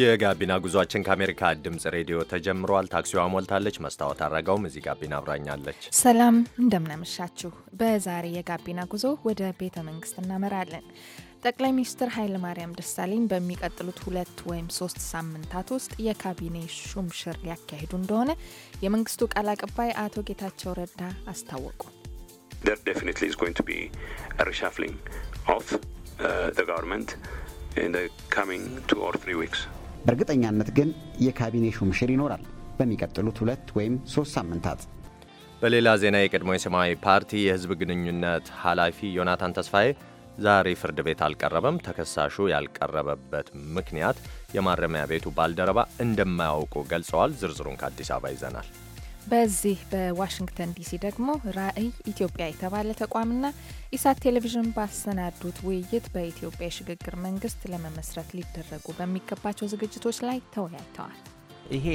የጋቢና ጉዟችን ከአሜሪካ ድምፅ ሬዲዮ ተጀምሯል። ታክሲዋ ሞልታለች። መስታወት አድረገውም እዚህ ጋቢና አብራኛለች። ሰላም እንደምናመሻችሁ። በዛሬ የጋቢና ጉዞ ወደ ቤተ መንግስት እናመራለን። ጠቅላይ ሚኒስትር ኃይለማርያም ማርያም ደሳለኝ በሚቀጥሉት ሁለት ወይም ሶስት ሳምንታት ውስጥ የካቢኔ ሹምሽር ሊያካሂዱ እንደሆነ የመንግስቱ ቃል አቀባይ አቶ ጌታቸው ረዳ አስታወቁ። ሪሻፍሊንግ ኦፍ is going to be a በእርግጠኛነት ግን የካቢኔ ሹምሽር ይኖራል በሚቀጥሉት ሁለት ወይም ሶስት ሳምንታት። በሌላ ዜና የቀድሞ የሰማያዊ ፓርቲ የህዝብ ግንኙነት ኃላፊ ዮናታን ተስፋዬ ዛሬ ፍርድ ቤት አልቀረበም። ተከሳሹ ያልቀረበበት ምክንያት የማረሚያ ቤቱ ባልደረባ እንደማያውቁ ገልጸዋል። ዝርዝሩን ከአዲስ አበባ ይዘናል። በዚህ በዋሽንግተን ዲሲ ደግሞ ራዕይ ኢትዮጵያ የተባለ ተቋምና ኢሳት ቴሌቪዥን ባሰናዱት ውይይት በኢትዮጵያ የሽግግር መንግስት ለመመስረት ሊደረጉ በሚገባቸው ዝግጅቶች ላይ ተወያይተዋል። ይሄ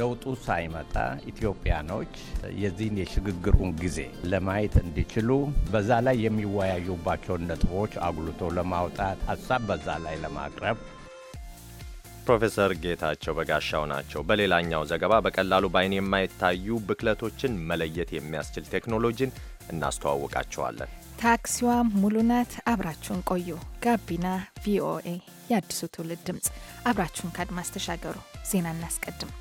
ለውጡ ሳይመጣ ኢትዮጵያኖች የዚህን የሽግግሩን ጊዜ ለማየት እንዲችሉ በዛ ላይ የሚወያዩባቸውን ነጥቦች አጉልቶ ለማውጣት ሀሳብ በዛ ላይ ለማቅረብ ፕሮፌሰር ጌታቸው በጋሻው ናቸው። በሌላኛው ዘገባ በቀላሉ በአይን የማይታዩ ብክለቶችን መለየት የሚያስችል ቴክኖሎጂን እናስተዋውቃቸዋለን። ታክሲዋ ሙሉናት። አብራችሁን ቆዩ። ጋቢና ቪኦኤ የአዲሱ ትውልድ ድምፅ። አብራችሁን ከአድማስ ተሻገሩ። ዜና እናስቀድም።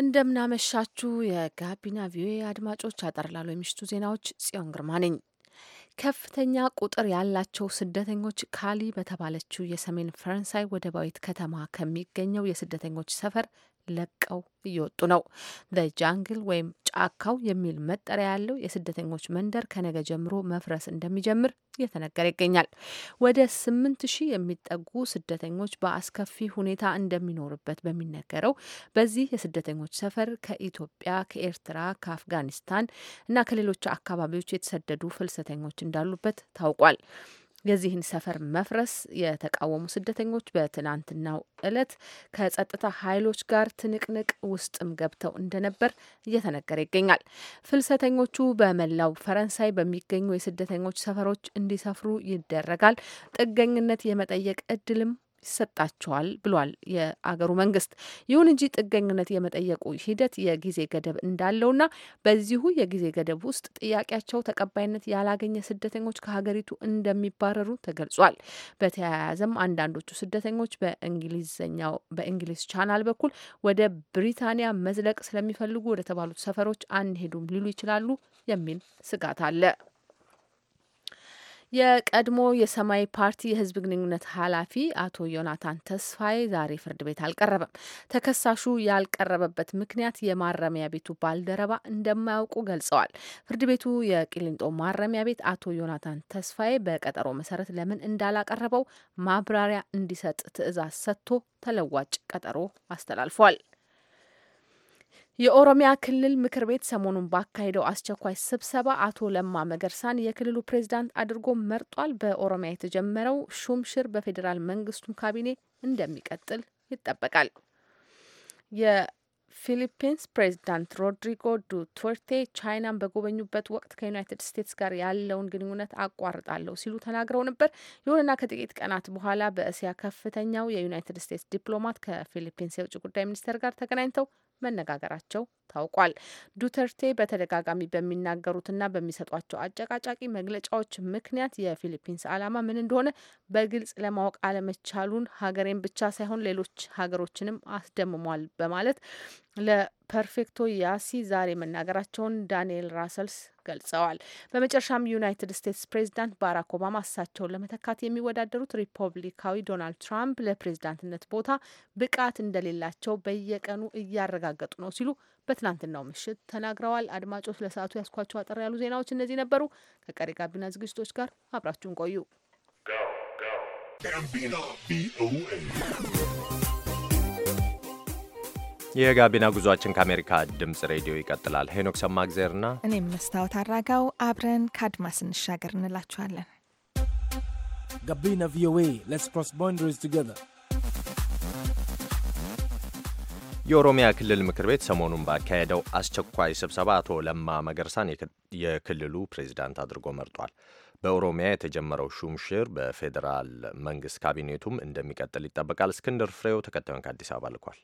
እንደምናመሻችሁ የጋቢና ቪኦኤ አድማጮች፣ ያጠርላሉ የምሽቱ ዜናዎች። ጽዮን ግርማ ነኝ። ከፍተኛ ቁጥር ያላቸው ስደተኞች ካሊ በተባለችው የሰሜን ፈረንሳይ ወደባዊት ከተማ ከሚገኘው የስደተኞች ሰፈር ለቀው እየወጡ ነው። ጃንግል ወይም ጫካው የሚል መጠሪያ ያለው የስደተኞች መንደር ከነገ ጀምሮ መፍረስ እንደሚጀምር እየተነገረ ይገኛል። ወደ ስምንት ሺህ የሚጠጉ ስደተኞች በአስከፊ ሁኔታ እንደሚኖርበት በሚነገረው በዚህ የስደተኞች ሰፈር ከኢትዮጵያ፣ ከኤርትራ፣ ከአፍጋኒስታን እና ከሌሎች አካባቢዎች የተሰደዱ ፍልሰተኞች እንዳሉበት ታውቋል። የዚህን ሰፈር መፍረስ የተቃወሙ ስደተኞች በትናንትናው እለት ከጸጥታ ኃይሎች ጋር ትንቅንቅ ውስጥም ገብተው እንደነበር እየተነገረ ይገኛል። ፍልሰተኞቹ በመላው ፈረንሳይ በሚገኙ የስደተኞች ሰፈሮች እንዲሰፍሩ ይደረጋል። ጥገኝነት የመጠየቅ እድልም ይሰጣቸዋል ብሏል የአገሩ መንግስት። ይሁን እንጂ ጥገኝነት የመጠየቁ ሂደት የጊዜ ገደብ እንዳለውና በዚሁ የጊዜ ገደብ ውስጥ ጥያቄያቸው ተቀባይነት ያላገኘ ስደተኞች ከሀገሪቱ እንደሚባረሩ ተገልጿል። በተያያዘም አንዳንዶቹ ስደተኞች በእንግሊዝኛው በእንግሊዝ ቻናል በኩል ወደ ብሪታንያ መዝለቅ ስለሚፈልጉ ወደ ተባሉት ሰፈሮች አንሄዱም ሊሉ ይችላሉ የሚል ስጋት አለ። የቀድሞ የሰማያዊ ፓርቲ የህዝብ ግንኙነት ኃላፊ አቶ ዮናታን ተስፋዬ ዛሬ ፍርድ ቤት አልቀረበም። ተከሳሹ ያልቀረበበት ምክንያት የማረሚያ ቤቱ ባልደረባ እንደማያውቁ ገልጸዋል። ፍርድ ቤቱ የቂሊንጦ ማረሚያ ቤት አቶ ዮናታን ተስፋዬ በቀጠሮ መሰረት ለምን እንዳላቀረበው ማብራሪያ እንዲሰጥ ትዕዛዝ ሰጥቶ ተለዋጭ ቀጠሮ አስተላልፏል። የኦሮሚያ ክልል ምክር ቤት ሰሞኑን ባካሄደው አስቸኳይ ስብሰባ አቶ ለማ መገርሳን የክልሉ ፕሬዚዳንት አድርጎ መርጧል። በኦሮሚያ የተጀመረው ሹምሽር በፌዴራል መንግስቱም ካቢኔ እንደሚቀጥል ይጠበቃል። የፊሊፒንስ ፕሬዚዳንት ሮድሪጎ ቶርቴ ቻይናን በጎበኙበት ወቅት ከዩናይትድ ስቴትስ ጋር ያለውን ግንኙነት አቋርጣለሁ ሲሉ ተናግረው ነበር። ይሁንና ከጥቂት ቀናት በኋላ በእስያ ከፍተኛው የዩናይትድ ስቴትስ ዲፕሎማት ከፊሊፒንስ የውጭ ጉዳይ ሚኒስቴር ጋር ተገናኝተው መነጋገራቸው ታውቋል። ዱተርቴ በተደጋጋሚ በሚናገሩትና በሚሰጧቸው አጨቃጫቂ መግለጫዎች ምክንያት የፊሊፒንስ ዓላማ ምን እንደሆነ በግልጽ ለማወቅ አለመቻሉን ሀገሬን ብቻ ሳይሆን ሌሎች ሀገሮችንም አስደምሟል በማለት ለፐርፌክቶ ያሲ ዛሬ መናገራቸውን ዳንኤል ራሰልስ ገልጸዋል። በመጨረሻም ዩናይትድ ስቴትስ ፕሬዚዳንት ባራክ ኦባማ እሳቸውን ለመተካት የሚወዳደሩት ሪፐብሊካዊ ዶናልድ ትራምፕ ለፕሬዚዳንትነት ቦታ ብቃት እንደሌላቸው በየቀኑ እያረጋገጡ ነው ሲሉ ትናንትናው ምሽት ተናግረዋል። አድማጮች ለሰዓቱ ያስኳቸው አጠር ያሉ ዜናዎች እነዚህ ነበሩ። ከቀሪ ጋቢና ዝግጅቶች ጋር አብራችሁን ቆዩ። የጋቢና ጉዟችን ከአሜሪካ ድምጽ ሬዲዮ ይቀጥላል። ሄኖክ ሰማግዜርና እኔም መስታወት አራጋው አብረን ከአድማስ እንሻገር እንላችኋለን። ጋቢና ቪኦኤ ሌትስ ክሮስ ቦንደሪስ ቱጌዘር የኦሮሚያ ክልል ምክር ቤት ሰሞኑን ባካሄደው አስቸኳይ ስብሰባ አቶ ለማ መገርሳን የክልሉ ፕሬዚዳንት አድርጎ መርጧል። በኦሮሚያ የተጀመረው ሹምሽር በፌዴራል መንግስት ካቢኔቱም እንደሚቀጥል ይጠበቃል። እስክንድር ፍሬው ተከታዩን ከአዲስ አበባ ልኳል።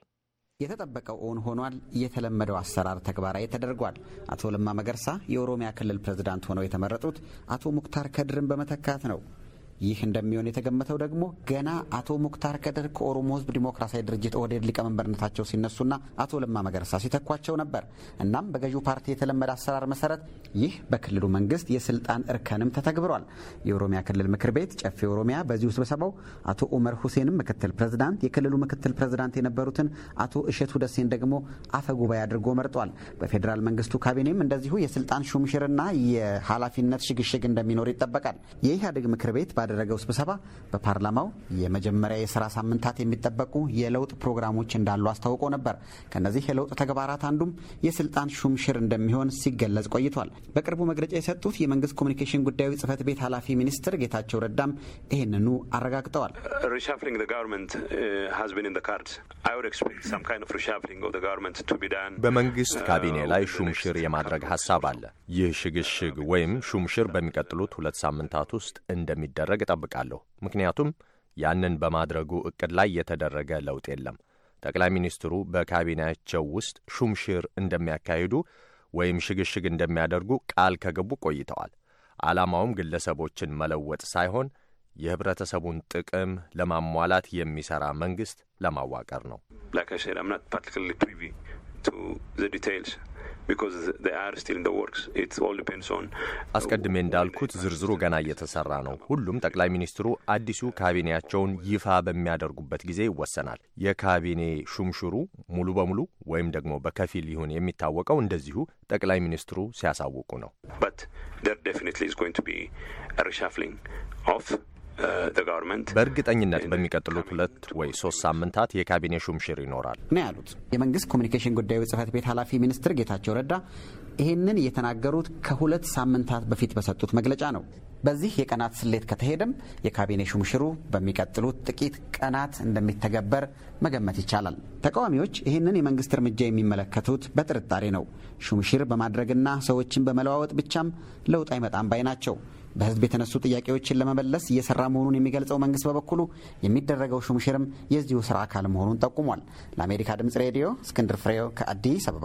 የተጠበቀው እውን ሆኗል። የተለመደው አሰራር ተግባራዊ ተደርጓል። አቶ ለማ መገርሳ የኦሮሚያ ክልል ፕሬዝዳንት ሆነው የተመረጡት አቶ ሙክታር ከድርን በመተካት ነው። ይህ እንደሚሆን የተገመተው ደግሞ ገና አቶ ሙክታር ከድር ከኦሮሞ ህዝብ ዲሞክራሲያዊ ድርጅት ኦህዴድ ሊቀመንበርነታቸው ሲነሱና አቶ ለማ መገርሳ ሲተኳቸው ነበር። እናም በገዢው ፓርቲ የተለመደ አሰራር መሰረት ይህ በክልሉ መንግስት የስልጣን እርከንም ተተግብሯል። የኦሮሚያ ክልል ምክር ቤት ጨፌ ኦሮሚያ በዚሁ ስብሰባው አቶ ኡመር ሁሴንም ምክትል ፕሬዝዳንት፣ የክልሉ ምክትል ፕሬዝዳንት የነበሩትን አቶ እሸቱ ደሴን ደግሞ አፈ ጉባኤ አድርጎ መርጧል። በፌዴራል መንግስቱ ካቢኔም እንደዚሁ የስልጣን ሹምሽርና የኃላፊነት ሽግሽግ እንደሚኖር ይጠበቃል። የኢህአዴግ ምክር ቤት ባደ የተደረገው ስብሰባ በፓርላማው የመጀመሪያ የስራ ሳምንታት የሚጠበቁ የለውጥ ፕሮግራሞች እንዳሉ አስታውቆ ነበር። ከእነዚህ የለውጥ ተግባራት አንዱም የስልጣን ሹምሽር እንደሚሆን ሲገለጽ ቆይቷል። በቅርቡ መግለጫ የሰጡት የመንግስት ኮሚኒኬሽን ጉዳዮች ጽህፈት ቤት ኃላፊ ሚኒስትር ጌታቸው ረዳም ይህንኑ አረጋግጠዋል። uh, በመንግስት uh, ካቢኔ ላይ ሹምሽር የማድረግ ሀሳብ አለ። ይህ ሽግሽግ ወይም ሹምሽር በሚቀጥሉት ሁለት ሳምንታት ውስጥ እንደሚደረግ ለማድረግ እጠብቃለሁ። ምክንያቱም ያንን በማድረጉ እቅድ ላይ የተደረገ ለውጥ የለም። ጠቅላይ ሚኒስትሩ በካቢኔያቸው ውስጥ ሹምሽር እንደሚያካሂዱ ወይም ሽግሽግ እንደሚያደርጉ ቃል ከገቡ ቆይተዋል። ዓላማውም ግለሰቦችን መለወጥ ሳይሆን የህብረተሰቡን ጥቅም ለማሟላት የሚሰራ መንግስት ለማዋቀር ነው። Uh, አስቀድሜ እንዳልኩት ዝርዝሩ ገና እየተሰራ ነው። ሁሉም ጠቅላይ ሚኒስትሩ አዲሱ ካቢኔያቸውን ይፋ በሚያደርጉበት ጊዜ ይወሰናል። የካቢኔ ሹምሹሩ ሙሉ በሙሉ ወይም ደግሞ በከፊል ይሁን የሚታወቀው እንደዚሁ ጠቅላይ ሚኒስትሩ ሲያሳውቁ ነው። በእርግጠኝነት በሚቀጥሉት ሁለት ወይ ሶስት ሳምንታት የካቢኔ ሹምሽር ይኖራል ነው ያሉት የመንግስት ኮሚኒኬሽን ጉዳዩ ጽህፈት ቤት ኃላፊ ሚኒስትር ጌታቸው ረዳ ይህንን የተናገሩት ከሁለት ሳምንታት በፊት በሰጡት መግለጫ ነው። በዚህ የቀናት ስሌት ከተሄደም የካቢኔ ሹምሽሩ በሚቀጥሉት ጥቂት ቀናት እንደሚተገበር መገመት ይቻላል። ተቃዋሚዎች ይህንን የመንግስት እርምጃ የሚመለከቱት በጥርጣሬ ነው። ሹምሽር በማድረግና ሰዎችን በመለዋወጥ ብቻም ለውጥ አይመጣም ባይ ናቸው። በህዝብ የተነሱ ጥያቄዎችን ለመመለስ እየሰራ መሆኑን የሚገልጸው መንግስት በበኩሉ የሚደረገው ሹምሽርም የዚሁ ስራ አካል መሆኑን ጠቁሟል። ለአሜሪካ ድምጽ ሬዲዮ እስክንድር ፍሬው ከአዲስ አበባ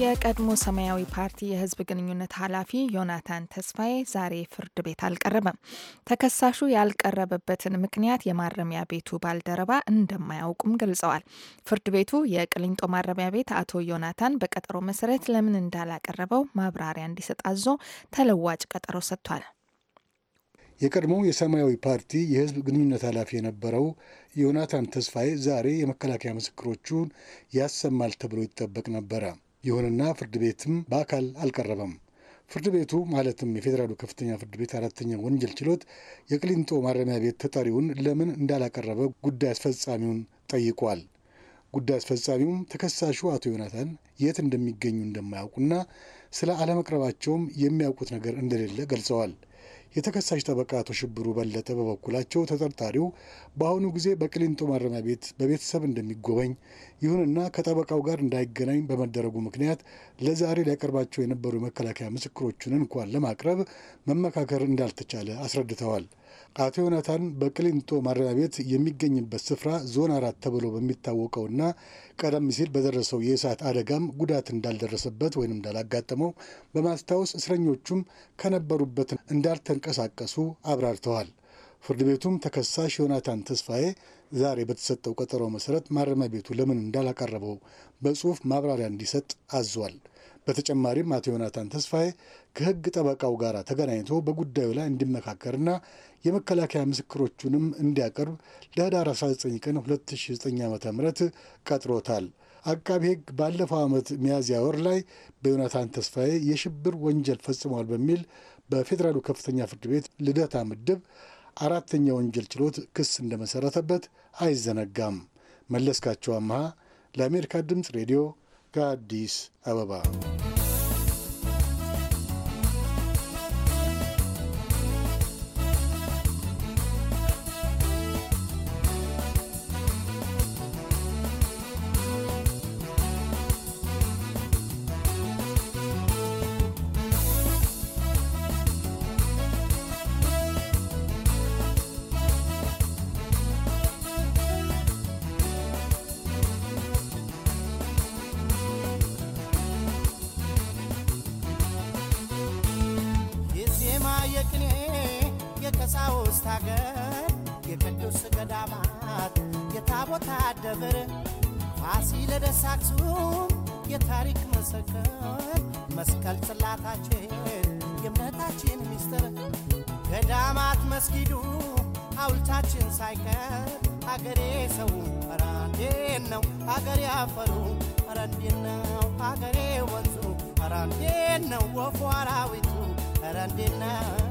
የቀድሞ ሰማያዊ ፓርቲ የህዝብ ግንኙነት ኃላፊ ዮናታን ተስፋዬ ዛሬ ፍርድ ቤት አልቀረበም። ተከሳሹ ያልቀረበበትን ምክንያት የማረሚያ ቤቱ ባልደረባ እንደማያውቁም ገልጸዋል። ፍርድ ቤቱ የቅሊንጦ ማረሚያ ቤት አቶ ዮናታን በቀጠሮ መሰረት ለምን እንዳላቀረበው ማብራሪያ እንዲሰጥ አዞ ተለዋጭ ቀጠሮ ሰጥቷል። የቀድሞው የሰማያዊ ፓርቲ የህዝብ ግንኙነት ኃላፊ የነበረው ዮናታን ተስፋዬ ዛሬ የመከላከያ ምስክሮቹን ያሰማል ተብሎ ይጠበቅ ነበረ። ይሁንና ፍርድ ቤትም በአካል አልቀረበም። ፍርድ ቤቱ ማለትም የፌዴራሉ ከፍተኛ ፍርድ ቤት አራተኛ ወንጀል ችሎት የቅሊንጦ ማረሚያ ቤት ተጠሪውን ለምን እንዳላቀረበ ጉዳይ አስፈጻሚውን ጠይቋል። ጉዳይ አስፈጻሚውም ተከሳሹ አቶ ዮናታን የት እንደሚገኙ እንደማያውቁና ስለ አለመቅረባቸውም የሚያውቁት ነገር እንደሌለ ገልጸዋል። የተከሳሽ ጠበቃ አቶ ሽብሩ በለጠ በበኩላቸው ተጠርጣሪው በአሁኑ ጊዜ በቅሊንጦ ማረሚያ ቤት በቤተሰብ እንደሚጎበኝ፣ ይሁንና ከጠበቃው ጋር እንዳይገናኝ በመደረጉ ምክንያት ለዛሬ ሊያቀርባቸው የነበሩ የመከላከያ ምስክሮቹን እንኳን ለማቅረብ መመካከር እንዳልተቻለ አስረድተዋል። አቶ ዮናታን በቅሊንጦ ማረሚያ ቤት የሚገኝበት ስፍራ ዞን አራት ተብሎ በሚታወቀውና ቀደም ሲል በደረሰው የእሳት አደጋም ጉዳት እንዳልደረሰበት ወይም እንዳላጋጠመው በማስታወስ እስረኞቹም ከነበሩበት እንዳልተንቀሳቀሱ አብራርተዋል። ፍርድ ቤቱም ተከሳሽ ዮናታን ተስፋዬ ዛሬ በተሰጠው ቀጠሮ መሰረት ማረሚያ ቤቱ ለምን እንዳላቀረበው በጽሁፍ ማብራሪያ እንዲሰጥ አዟል። በተጨማሪም አቶ ዮናታን ተስፋዬ ከህግ ጠበቃው ጋር ተገናኝቶ በጉዳዩ ላይ እንዲመካከርና የመከላከያ ምስክሮቹንም እንዲያቀርብ ለህዳር 19 ቀን 2009 ም ቀጥሮታል። አቃቢ ሕግ ባለፈው ዓመት ሚያዝያ ወር ላይ በዮናታን ተስፋዬ የሽብር ወንጀል ፈጽሟል በሚል በፌዴራሉ ከፍተኛ ፍርድ ቤት ልደታ ምድብ አራተኛ ወንጀል ችሎት ክስ እንደመሰረተበት አይዘነጋም። መለስካቸው አመሃ ለአሜሪካ ድምፅ ሬዲዮ ከአዲስ አበባ የቀሳውስት አገር የቅዱስ ገዳማት የታቦታት ደብር ፋሲለደስ አክሱም የታሪክ ምስክር መስቀል ጽላታችን የእምነታችን ሚስጥር ገዳማት መስጊዱ ሐውልታችን ሳይቀር አገሬ ሰው ኧረ ነው አገሬ አፈሩ ኧረ እንዴት ነው አገሬ ወንዙ ኧረ ነው ወፉ አራዊቱ ነው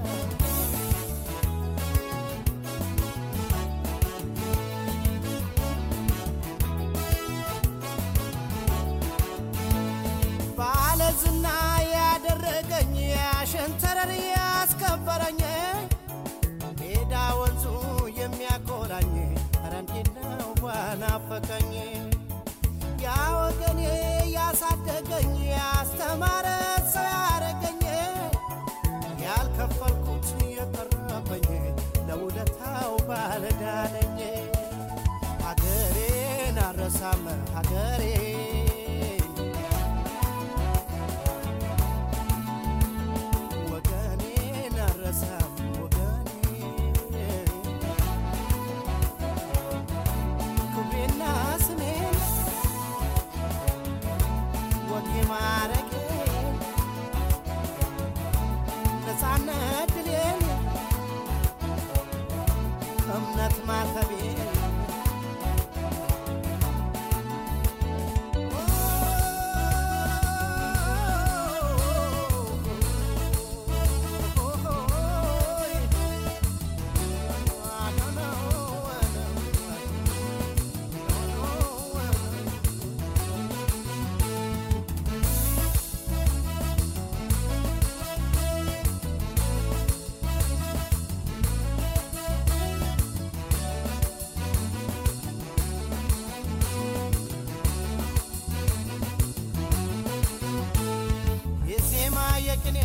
ቅኔ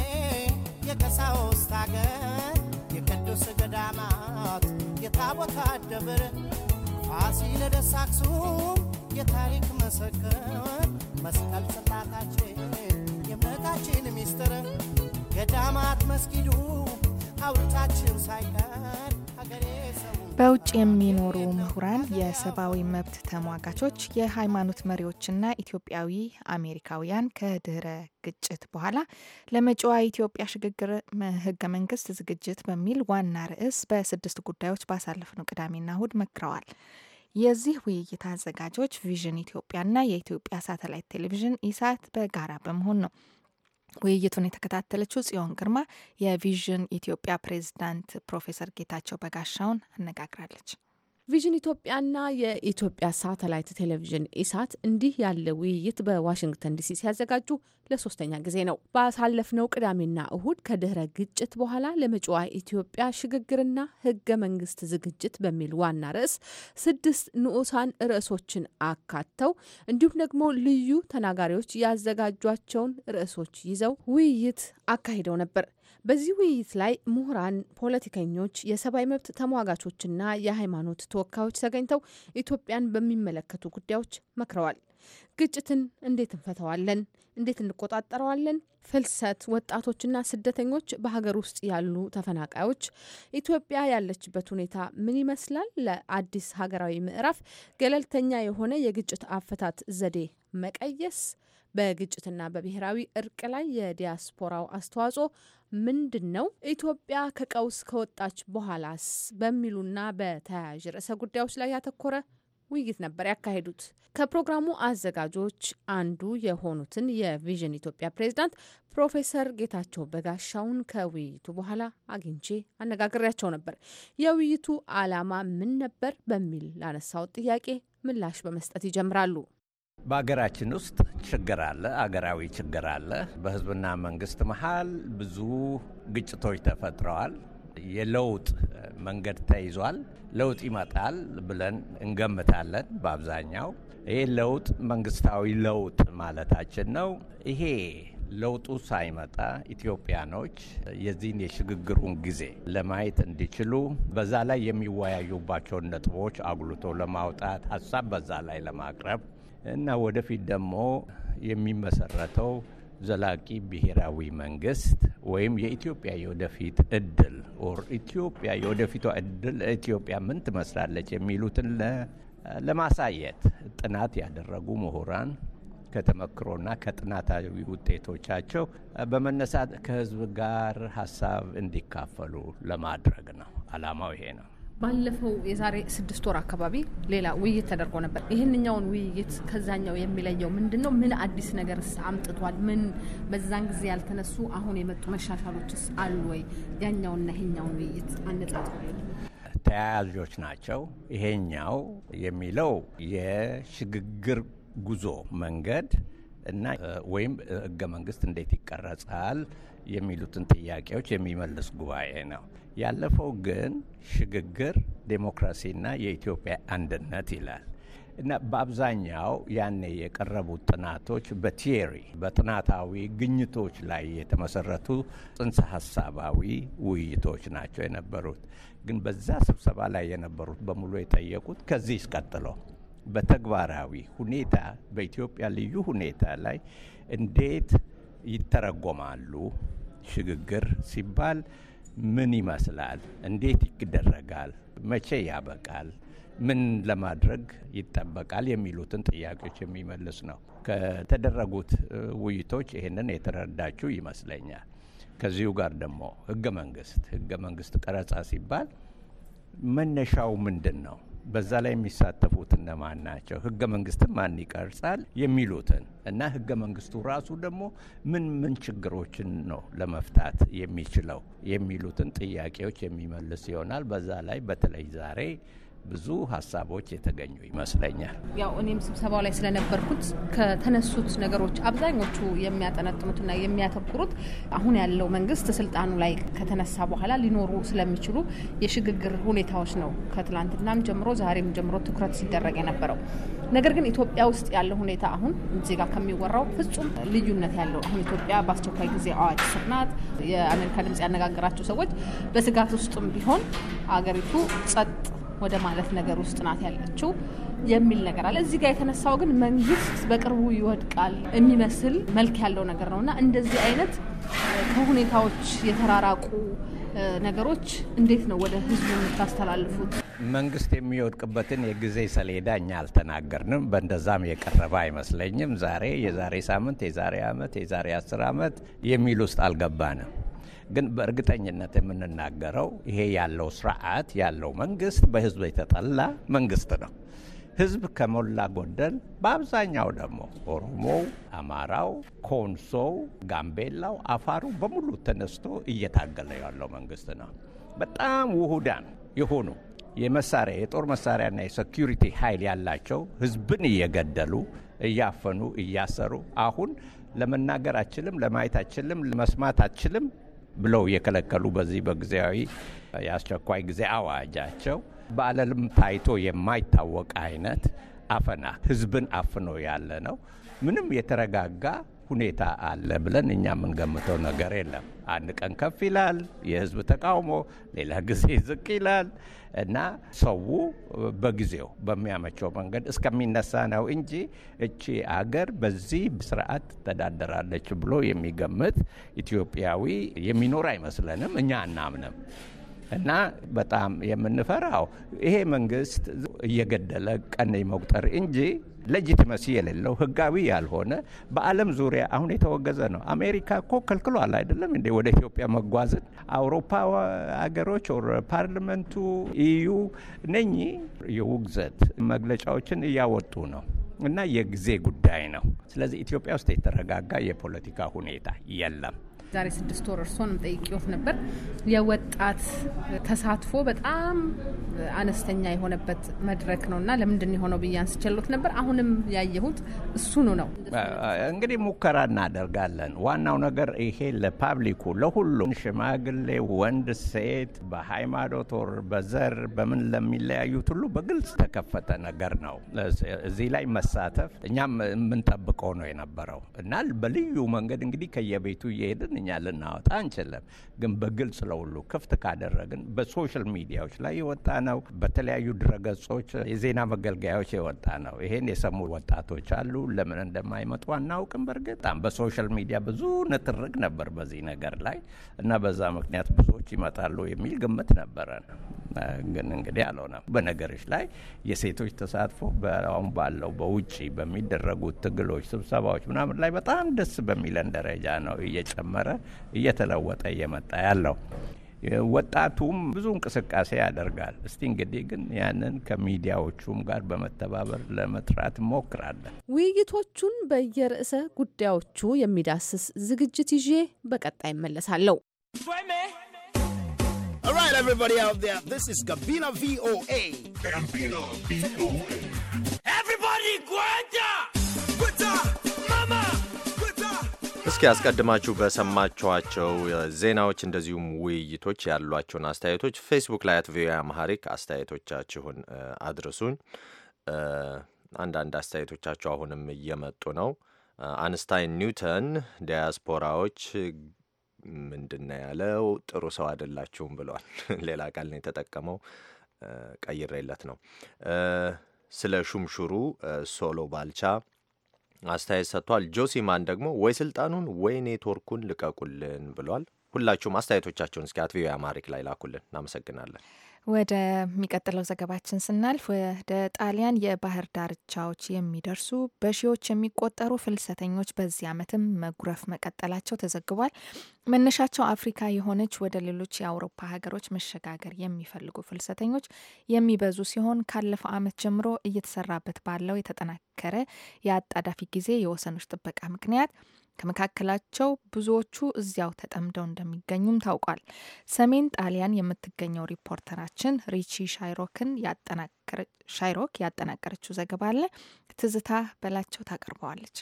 የቀሳውስት አገር የቅዱስ ገዳማት የታቦታ ደብር ፋሲለደስ አክሱም የታሪክ ምስክር መስቀል ጽላታችን የእምነታችን ሚስጥር ገዳማት መስጊዱ ሐውልታችን ሳይቀር በውጭ የሚኖሩ ምሁራን፣ የሰብአዊ መብት ተሟጋቾች፣ የሃይማኖት መሪዎችና ኢትዮጵያዊ አሜሪካውያን ከድህረ ግጭት በኋላ ለመጪዋ ኢትዮጵያ ሽግግር ህገ መንግስት ዝግጅት በሚል ዋና ርዕስ በስድስት ጉዳዮች ባሳለፍነው ቅዳሜና እሁድ መክረዋል። የዚህ ውይይት አዘጋጆች ቪዥን ኢትዮጵያና የኢትዮጵያ ሳተላይት ቴሌቪዥን ኢሳት በጋራ በመሆን ነው። ውይይቱን የተከታተለችው ጽዮን ግርማ የቪዥን ኢትዮጵያ ፕሬዚዳንት ፕሮፌሰር ጌታቸው በጋሻውን አነጋግራለች። ቪዥን ኢትዮጵያና የኢትዮጵያ ሳተላይት ቴሌቪዥን ኢሳት እንዲህ ያለ ውይይት በዋሽንግተን ዲሲ ሲያዘጋጁ ለሶስተኛ ጊዜ ነው። ባሳለፍነው ቅዳሜና እሁድ ከድህረ ግጭት በኋላ ለመጪዋ ኢትዮጵያ ሽግግርና ህገ መንግስት ዝግጅት በሚል ዋና ርዕስ ስድስት ንዑሳን ርዕሶችን አካተው እንዲሁም ደግሞ ልዩ ተናጋሪዎች ያዘጋጇቸውን ርዕሶች ይዘው ውይይት አካሂደው ነበር። በዚህ ውይይት ላይ ምሁራን፣ ፖለቲከኞች፣ የሰብአዊ መብት ተሟጋቾችና የሃይማኖት ተወካዮች ተገኝተው ኢትዮጵያን በሚመለከቱ ጉዳዮች መክረዋል። ግጭትን እንዴት እንፈተዋለን? እንዴት እንቆጣጠረዋለን? ፍልሰት፣ ወጣቶችና ስደተኞች፣ በሀገር ውስጥ ያሉ ተፈናቃዮች፣ ኢትዮጵያ ያለችበት ሁኔታ ምን ይመስላል? ለአዲስ ሀገራዊ ምዕራፍ ገለልተኛ የሆነ የግጭት አፈታት ዘዴ መቀየስ፣ በግጭትና በብሔራዊ እርቅ ላይ የዲያስፖራው አስተዋጽኦ ምንድን ነው ኢትዮጵያ ከቀውስ ከወጣች በኋላስ በሚሉና በተያያዥ ርዕሰ ጉዳዮች ላይ ያተኮረ ውይይት ነበር ያካሄዱት። ከፕሮግራሙ አዘጋጆች አንዱ የሆኑትን የቪዥን ኢትዮጵያ ፕሬዝዳንት ፕሮፌሰር ጌታቸው በጋሻውን ከውይይቱ በኋላ አግኝቼ አነጋግሬያቸው ነበር። የውይይቱ ዓላማ ምን ነበር በሚል ላነሳው ጥያቄ ምላሽ በመስጠት ይጀምራሉ። በሀገራችን ውስጥ ችግር አለ፣ አገራዊ ችግር አለ። በህዝብና መንግስት መሀል ብዙ ግጭቶች ተፈጥረዋል። የለውጥ መንገድ ተይዟል። ለውጥ ይመጣል ብለን እንገምታለን። በአብዛኛው ይሄ ለውጥ መንግስታዊ ለውጥ ማለታችን ነው። ይሄ ለውጡ ሳይመጣ ኢትዮጵያኖች የዚህን የሽግግሩን ጊዜ ለማየት እንዲችሉ በዛ ላይ የሚወያዩባቸውን ነጥቦች አጉልቶ ለማውጣት ሀሳብ በዛ ላይ ለማቅረብ እና ወደፊት ደግሞ የሚመሰረተው ዘላቂ ብሔራዊ መንግስት ወይም የኢትዮጵያ የወደፊት እድል ኦር ኢትዮጵያ የወደፊቷ እድል ኢትዮጵያ ምን ትመስላለች የሚሉትን ለማሳየት ጥናት ያደረጉ ምሁራን ከተመክሮና ከጥናታዊ ውጤቶቻቸው በመነሳት ከህዝብ ጋር ሀሳብ እንዲካፈሉ ለማድረግ ነው። አላማው ይሄ ነው። ባለፈው የዛሬ ስድስት ወር አካባቢ ሌላ ውይይት ተደርጎ ነበር። ይህንኛውን ውይይት ከዛኛው የሚለየው ምንድን ነው? ምን አዲስ ነገርስ አምጥቷል? ምን በዛን ጊዜ ያልተነሱ አሁን የመጡ መሻሻሎችስ አሉ ወይ? ያኛውና ይሄኛውን ውይይት አነጻጽሯል። ተያያዦች ናቸው። ይሄኛው የሚለው የሽግግር ጉዞ መንገድ እና ወይም ህገ መንግስት እንዴት ይቀረጻል የሚሉትን ጥያቄዎች የሚመልስ ጉባኤ ነው። ያለፈው ግን ሽግግር ዴሞክራሲና የኢትዮጵያ አንድነት ይላል እና በአብዛኛው ያኔ የቀረቡት ጥናቶች በቲሪ በጥናታዊ ግኝቶች ላይ የተመሰረቱ ጽንሰ ሀሳባዊ ውይይቶች ናቸው የነበሩት። ግን በዛ ስብሰባ ላይ የነበሩት በሙሉ የጠየቁት ከዚህ ይስቀጥለው በተግባራዊ ሁኔታ በኢትዮጵያ ልዩ ሁኔታ ላይ እንዴት ይተረጎማሉ? ሽግግር ሲባል ምን ይመስላል? እንዴት ይደረጋል? መቼ ያበቃል? ምን ለማድረግ ይጠበቃል? የሚሉትን ጥያቄዎች የሚመልስ ነው። ከተደረጉት ውይይቶች ይህንን የተረዳችሁ ይመስለኛል። ከዚሁ ጋር ደግሞ ህገ መንግስት ህገ መንግስት ቀረጻ ሲባል መነሻው ምንድን ነው? በዛ ላይ የሚሳተፉት እነማን ናቸው፣ ህገ መንግስትን ማን ይቀርጻል የሚሉትን እና ህገ መንግስቱ ራሱ ደግሞ ምን ምን ችግሮችን ነው ለመፍታት የሚችለው የሚሉትን ጥያቄዎች የሚመልስ ይሆናል። በዛ ላይ በተለይ ዛሬ ብዙ ሀሳቦች የተገኙ ይመስለኛል። ያው እኔም ስብሰባው ላይ ስለነበርኩት ከተነሱት ነገሮች አብዛኞቹ የሚያጠነጥኑትና የሚያተኩሩት አሁን ያለው መንግስት ስልጣኑ ላይ ከተነሳ በኋላ ሊኖሩ ስለሚችሉ የሽግግር ሁኔታዎች ነው። ከትላንትናም ጀምሮ ዛሬም ጀምሮ ትኩረት ሲደረግ የነበረው ነገር ግን ኢትዮጵያ ውስጥ ያለው ሁኔታ አሁን እዚህ ጋር ከሚወራው ፍጹም ልዩነት ያለው አሁን ኢትዮጵያ በአስቸኳይ ጊዜ አዋጅ ስር ናት። የአሜሪካ ድምጽ ያነጋገራቸው ሰዎች በስጋት ውስጥም ቢሆን አገሪቱ ጸጥ ወደ ማለት ነገር ውስጥ ናት ያለችው የሚል ነገር አለ። እዚህ ጋር የተነሳው ግን መንግስት በቅርቡ ይወድቃል የሚመስል መልክ ያለው ነገር ነው እና እንደዚህ አይነት ከሁኔታዎች የተራራቁ ነገሮች እንዴት ነው ወደ ህዝቡ የምታስተላልፉት? መንግስት የሚወድቅበትን የጊዜ ሰሌዳ እኛ አልተናገርንም። በእንደዛም የቀረበ አይመስለኝም። ዛሬ፣ የዛሬ ሳምንት፣ የዛሬ አመት የዛሬ አስር ዓመት የሚል ውስጥ አልገባንም። ግን በእርግጠኝነት የምንናገረው ይሄ ያለው ስርዓት ያለው መንግስት በህዝብ የተጠላ መንግስት ነው። ህዝብ ከሞላ ጎደል በአብዛኛው ደግሞ ኦሮሞው፣ አማራው፣ ኮንሶው፣ ጋምቤላው፣ አፋሩ በሙሉ ተነስቶ እየታገለ ያለው መንግስት ነው። በጣም ውሁዳን የሆኑ የመሳሪያ የጦር መሳሪያና የሴኪሪቲ ኃይል ያላቸው ህዝብን እየገደሉ እያፈኑ እያሰሩ አሁን ለመናገር አችልም፣ ለማየት አችልም፣ ለመስማት አችልም ብለው የከለከሉ በዚህ በጊዜያዊ የአስቸኳይ ጊዜ አዋጃቸው በዓለም ታይቶ የማይታወቅ አይነት አፈና ህዝብን አፍኖ ያለ ነው። ምንም የተረጋጋ ሁኔታ አለ ብለን እኛ የምንገምተው ነገር የለም። አንድ ቀን ከፍ ይላል የህዝብ ተቃውሞ፣ ሌላ ጊዜ ዝቅ ይላል እና ሰው በጊዜው በሚያመቸው መንገድ እስከሚነሳ ነው እንጂ እቺ አገር በዚህ ስርዓት ትተዳደራለች ብሎ የሚገምት ኢትዮጵያዊ የሚኖር አይመስለንም፣ እኛ አናምንም። እና በጣም የምንፈራው ይሄ መንግስት እየገደለ ቀን መቁጠር እንጂ ሌጂቲመሲ የሌለው ህጋዊ ያልሆነ በዓለም ዙሪያ አሁን የተወገዘ ነው። አሜሪካ እኮ ከልክሏል አይደለም እንዴ? ወደ ኢትዮጵያ መጓዝን አውሮፓ አገሮች ፓርሊመንቱ ኢዩ ነኚ የውግዘት መግለጫዎችን እያወጡ ነው። እና የጊዜ ጉዳይ ነው። ስለዚህ ኢትዮጵያ ውስጥ የተረጋጋ የፖለቲካ ሁኔታ የለም። ዛሬ ስድስት ወር እርሶን ጠይቄዎት ነበር። የወጣት ተሳትፎ በጣም አነስተኛ የሆነበት መድረክ ነው እና ለምንድን የሆነው ብዬ አንስቸሎት ነበር። አሁንም ያየሁት እሱኑ ነው። እንግዲህ ሙከራ እናደርጋለን። ዋናው ነገር ይሄ ለፓብሊኩ ለሁሉም፣ ሽማግሌ፣ ወንድ፣ ሴት፣ በሃይማኖት ወር በዘር በምን ለሚለያዩት ሁሉ በግልጽ ተከፈተ ነገር ነው። እዚህ ላይ መሳተፍ እኛም የምንጠብቀው ነው የነበረው እና በልዩ መንገድ እንግዲህ ከየቤቱ እየሄድን በአማርኛ ልናወጣ አንችልም፣ ግን በግልጽ ለሁሉ ክፍት ካደረግን በሶሻል ሚዲያዎች ላይ የወጣ ነው። በተለያዩ ድረገጾች፣ የዜና መገልገያዎች የወጣ ነው። ይሄን የሰሙ ወጣቶች አሉ። ለምን እንደማይመጡ አናውቅም። በእርግጣም በሶሻል ሚዲያ ብዙ ንትርግ ነበር በዚህ ነገር ላይ እና በዛ ምክንያት ብዙዎች ይመጣሉ የሚል ግምት ነበረን። ግን እንግዲህ አልሆነም። በነገሮች ላይ የሴቶች ተሳትፎ በአሁን ባለው በውጭ በሚደረጉት ትግሎች፣ ስብሰባዎች ምናምን ላይ በጣም ደስ በሚለን ደረጃ ነው እየጨመረ ነበረ እየተለወጠ እየመጣ ያለው። ወጣቱም ብዙ እንቅስቃሴ ያደርጋል። እስቲ እንግዲህ ግን ያንን ከሚዲያዎቹም ጋር በመተባበር ለመጥራት እሞክራለን። ውይይቶቹን በየርዕሰ ጉዳዮቹ የሚዳስስ ዝግጅት ይዤ በቀጣይ እመለሳለሁ። አስቀድማችሁ በሰማችኋቸው ዜናዎች እንደዚሁም ውይይቶች ያሏቸውን አስተያየቶች ፌስቡክ ላይ አት ቪኦኤ አማሃሪክ አስተያየቶቻችሁን አድርሱን። አንዳንድ አስተያየቶቻችሁ አሁንም እየመጡ ነው። አንስታይን ኒውተን ዲያስፖራዎች ምንድን ነው ያለው? ጥሩ ሰው አይደላችሁም ብለዋል። ሌላ ቃል ነው የተጠቀመው፣ ቀይሬለት ነው። ስለ ሹምሹሩ ሶሎ ባልቻ አስተያየት ሰጥቷል። ጆሲማን ደግሞ ወይ ስልጣኑን ወይ ኔትወርኩን ልቀቁልን ብሏል። ሁላችሁም አስተያየቶቻችሁን እስኪ አትቪዮ ቪኦኤ አማሪክ ላይ ላኩልን። እናመሰግናለን። ወደሚቀጥለው ዘገባችን ስናልፍ ወደ ጣሊያን የባህር ዳርቻዎች የሚደርሱ በሺዎች የሚቆጠሩ ፍልሰተኞች በዚህ ዓመትም መጉረፍ መቀጠላቸው ተዘግቧል። መነሻቸው አፍሪካ የሆነች ወደ ሌሎች የአውሮፓ ሀገሮች መሸጋገር የሚፈልጉ ፍልሰተኞች የሚበዙ ሲሆን ካለፈው ዓመት ጀምሮ እየተሰራበት ባለው የተጠናከረ የአጣዳፊ ጊዜ የወሰኖች ጥበቃ ምክንያት ከመካከላቸው ብዙዎቹ እዚያው ተጠምደው እንደሚገኙም ታውቋል። ሰሜን ጣሊያን የምትገኘው ሪፖርተራችን ሪቺ ሻይሮክን ሻይሮክ ያጠናቀረችው ዘገባ አለ። ትዝታ በላቸው ታቀርበዋለች።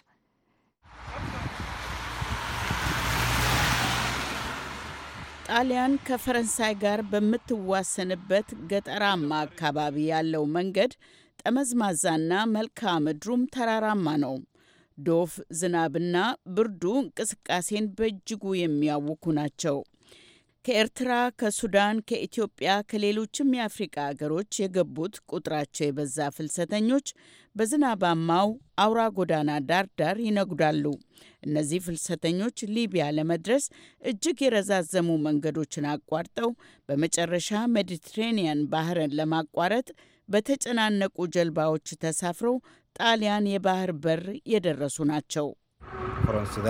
ጣሊያን ከፈረንሳይ ጋር በምትዋሰንበት ገጠራማ አካባቢ ያለው መንገድ ጠመዝማዛና መልክዓ ምድሩም ተራራማ ነው። ዶፍ፣ ዝናብና ብርዱ እንቅስቃሴን በእጅጉ የሚያውኩ ናቸው። ከኤርትራ፣ ከሱዳን፣ ከኢትዮጵያ፣ ከሌሎችም የአፍሪቃ አገሮች የገቡት ቁጥራቸው የበዛ ፍልሰተኞች በዝናባማው አውራ ጎዳና ዳር ዳር ይነጉዳሉ። እነዚህ ፍልሰተኞች ሊቢያ ለመድረስ እጅግ የረዛዘሙ መንገዶችን አቋርጠው በመጨረሻ ሜዲትሬኒያን ባህርን ለማቋረጥ በተጨናነቁ ጀልባዎች ተሳፍረው ጣሊያን የባህር በር የደረሱ ናቸው። uh,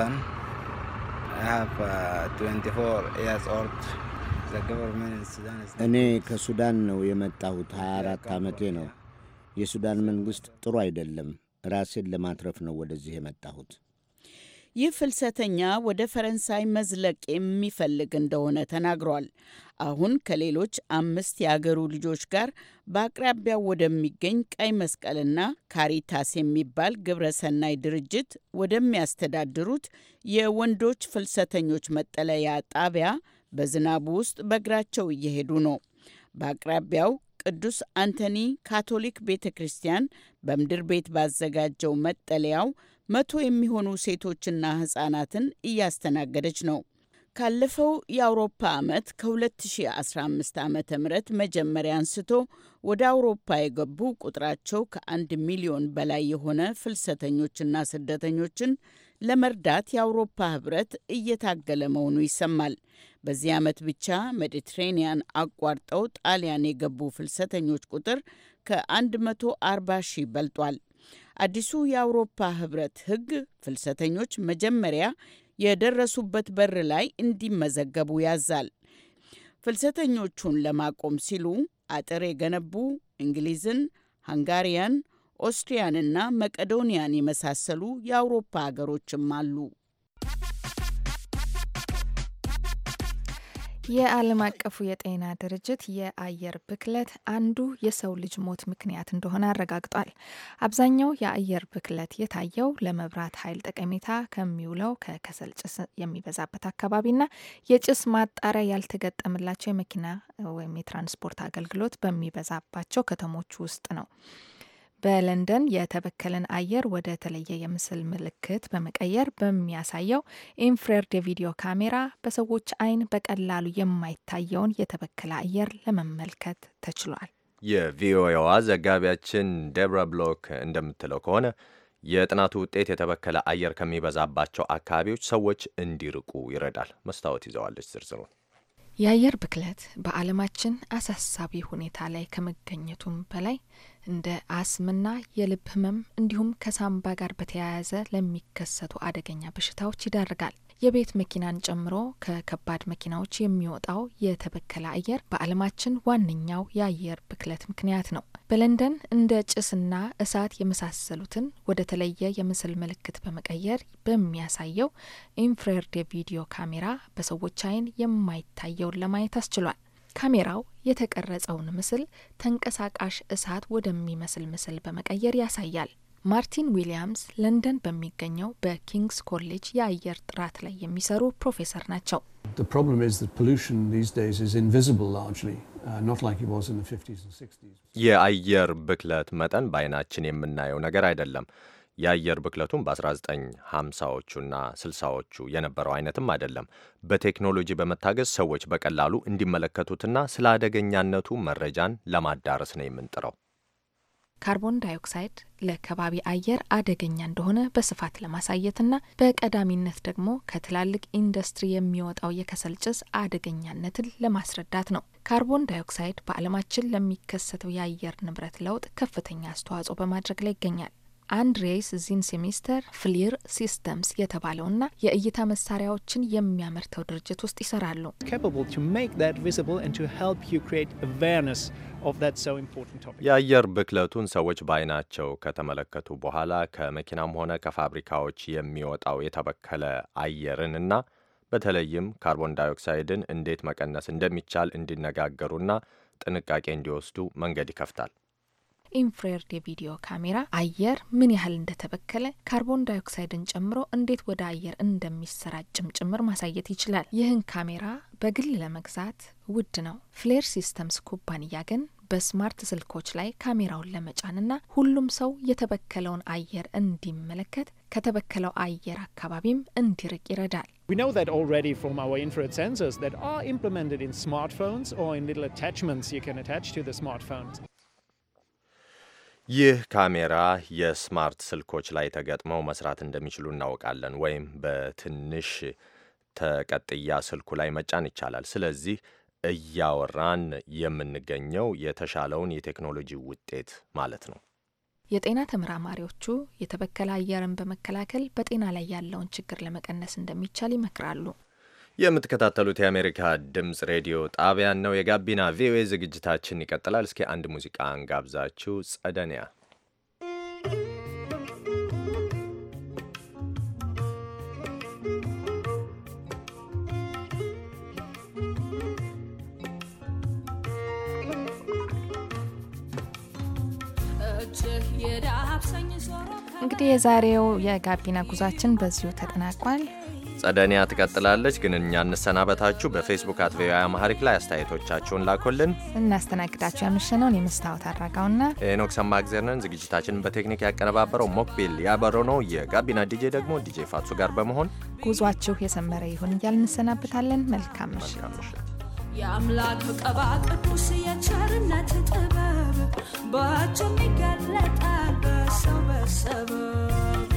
እኔ ከሱዳን ነው የመጣሁት። 24 ዓመቴ ነው። የሱዳን መንግሥት ጥሩ አይደለም። ራሴን ለማትረፍ ነው ወደዚህ የመጣሁት። ይህ ፍልሰተኛ ወደ ፈረንሳይ መዝለቅ የሚፈልግ እንደሆነ ተናግሯል። አሁን ከሌሎች አምስት የአገሩ ልጆች ጋር በአቅራቢያው ወደሚገኝ ቀይ መስቀልና ካሪታስ የሚባል ግብረሰናይ ድርጅት ወደሚያስተዳድሩት የወንዶች ፍልሰተኞች መጠለያ ጣቢያ በዝናቡ ውስጥ በእግራቸው እየሄዱ ነው። በአቅራቢያው ቅዱስ አንቶኒ ካቶሊክ ቤተ ክርስቲያን በምድር ቤት ባዘጋጀው መጠለያው መቶ የሚሆኑ ሴቶችና ህጻናትን እያስተናገደች ነው። ካለፈው የአውሮፓ ዓመት ከ2015 ዓ ም መጀመሪያ አንስቶ ወደ አውሮፓ የገቡ ቁጥራቸው ከአንድ ሚሊዮን በላይ የሆነ ፍልሰተኞችና ስደተኞችን ለመርዳት የአውሮፓ ህብረት እየታገለ መሆኑ ይሰማል። በዚህ ዓመት ብቻ ሜዲትሬኒያን አቋርጠው ጣሊያን የገቡ ፍልሰተኞች ቁጥር ከ140 ሺህ በልጧል። አዲሱ የአውሮፓ ህብረት ህግ ፍልሰተኞች መጀመሪያ የደረሱበት በር ላይ እንዲመዘገቡ ያዛል። ፍልሰተኞቹን ለማቆም ሲሉ አጥር የገነቡ እንግሊዝን፣ ሃንጋሪያን፣ ኦስትሪያንና መቀዶንያን የመሳሰሉ የአውሮፓ ሀገሮችም አሉ። የዓለም አቀፉ የጤና ድርጅት የአየር ብክለት አንዱ የሰው ልጅ ሞት ምክንያት እንደሆነ አረጋግጧል። አብዛኛው የአየር ብክለት የታየው ለመብራት ኃይል ጠቀሜታ ከሚውለው ከከሰል ጭስ የሚበዛበት አካባቢና የጭስ ማጣሪያ ያልተገጠመላቸው የመኪና ወይም የትራንስፖርት አገልግሎት በሚበዛባቸው ከተሞች ውስጥ ነው። በለንደን የተበከለን አየር ወደ ተለየ የምስል ምልክት በመቀየር በሚያሳየው ኢንፍሬርድ የቪዲዮ ካሜራ በሰዎች አይን በቀላሉ የማይታየውን የተበከለ አየር ለመመልከት ተችሏል። የቪኦኤዋ ዘጋቢያችን ደብረ ብሎክ እንደምትለው ከሆነ የጥናቱ ውጤት የተበከለ አየር ከሚበዛባቸው አካባቢዎች ሰዎች እንዲርቁ ይረዳል። መስታወት ይዘዋለች ዝርዝሩን የአየር ብክለት በዓለማችን አሳሳቢ ሁኔታ ላይ ከመገኘቱም በላይ እንደ አስምና የልብ ህመም እንዲሁም ከሳምባ ጋር በተያያዘ ለሚከሰቱ አደገኛ በሽታዎች ይዳርጋል። የቤት መኪናን ጨምሮ ከከባድ መኪናዎች የሚወጣው የተበከለ አየር በዓለማችን ዋነኛው የአየር ብክለት ምክንያት ነው። በለንደን እንደ ጭስና እሳት የመሳሰሉትን ወደ ተለየ የምስል ምልክት በመቀየር በሚያሳየው ኢንፍራሬድ የቪዲዮ ካሜራ በሰዎች አይን የማይታየውን ለማየት አስችሏል። ካሜራው የተቀረጸውን ምስል ተንቀሳቃሽ እሳት ወደሚመስል ምስል በመቀየር ያሳያል። ማርቲን ዊሊያምስ ለንደን በሚገኘው በኪንግስ ኮሌጅ የአየር ጥራት ላይ የሚሰሩ ፕሮፌሰር ናቸው። uh, የአየር ብክለት መጠን በአይናችን የምናየው ነገር አይደለም። የአየር ብክለቱም በ1950ዎቹና 60ዎቹ የነበረው አይነትም አይደለም። በቴክኖሎጂ በመታገዝ ሰዎች በቀላሉ እንዲመለከቱትና ስለ አደገኛነቱ መረጃን ለማዳረስ ነው የምንጥረው። ካርቦን ዳይኦክሳይድ ለከባቢ አየር አደገኛ እንደሆነ በስፋት ለማሳየትና በቀዳሚነት ደግሞ ከትላልቅ ኢንዱስትሪ የሚወጣው የከሰል ጭስ አደገኛነትን ለማስረዳት ነው። ካርቦን ዳይኦክሳይድ በዓለማችን ለሚከሰተው የአየር ንብረት ለውጥ ከፍተኛ አስተዋጽኦ በማድረግ ላይ ይገኛል። አንድ ሬይስ ዚን ሴሚስተር ፍሊር ሲስተምስ የተባለውና የእይታ መሳሪያዎችን የሚያመርተው ድርጅት ውስጥ ይሰራሉ። የአየር ብክለቱን ሰዎች በአይናቸው ከተመለከቱ በኋላ ከመኪናም ሆነ ከፋብሪካዎች የሚወጣው የተበከለ አየርንና በተለይም ካርቦን ዳይኦክሳይድን እንዴት መቀነስ እንደሚቻል እንዲነጋገሩና ጥንቃቄ እንዲወስዱ መንገድ ይከፍታል። ኢንፍሬርድ የቪዲዮ ካሜራ አየር ምን ያህል እንደተበከለ ካርቦን ዳይኦክሳይድን ጨምሮ እንዴት ወደ አየር እንደሚሰራጭም ጭምር ማሳየት ይችላል። ይህን ካሜራ በግል ለመግዛት ውድ ነው። ፍሌር ሲስተምስ ኩባንያ ግን በስማርት ስልኮች ላይ ካሜራውን ለመጫንና ሁሉም ሰው የተበከለውን አየር እንዲመለከት ከተበከለው አየር አካባቢም እንዲርቅ ይረዳል። We know that already from our infrared sensors that are implemented in smartphones or in little attachments you can attach to the smartphones. ይህ ካሜራ የስማርት ስልኮች ላይ ተገጥመው መስራት እንደሚችሉ እናውቃለን። ወይም በትንሽ ተቀጥያ ስልኩ ላይ መጫን ይቻላል። ስለዚህ እያወራን የምንገኘው የተሻለውን የቴክኖሎጂ ውጤት ማለት ነው። የጤና ተመራማሪዎቹ የተበከለ አየርን በመከላከል በጤና ላይ ያለውን ችግር ለመቀነስ እንደሚቻል ይመክራሉ። የምትከታተሉት የአሜሪካ ድምፅ ሬዲዮ ጣቢያን ነው። የጋቢና ቪኦኤ ዝግጅታችን ይቀጥላል። እስኪ አንድ ሙዚቃ እንጋብዛችሁ። ጸደንያ እንግዲህ የዛሬው የጋቢና ጉዟችን በዚሁ ተጠናቋል። ጸደኒያ ትቀጥላለች። ግን እኛ እንሰናበታችሁ። በፌስቡክ አት ቪኦኤ አማሪክ ላይ አስተያየቶቻችሁን ላኩልን። እናስተናግዳችሁ ያመሸነውን የመስታወት አድራጋውና ኖክ ሰማ ግዜርነን። ዝግጅታችንን በቴክኒክ ያቀነባበረው ሞክቢል ያበሮ ነው። የጋቢና ዲጄ ደግሞ ዲጄ ፋቱ ጋር በመሆን ጉዟችሁ የሰመረ ይሁን እያል እንሰናብታለን። መልካም የአምላክ ቀባ ቅዱስ የቸርነት ጥበብ በአጭም ይገለጣል በሰው በሰበብ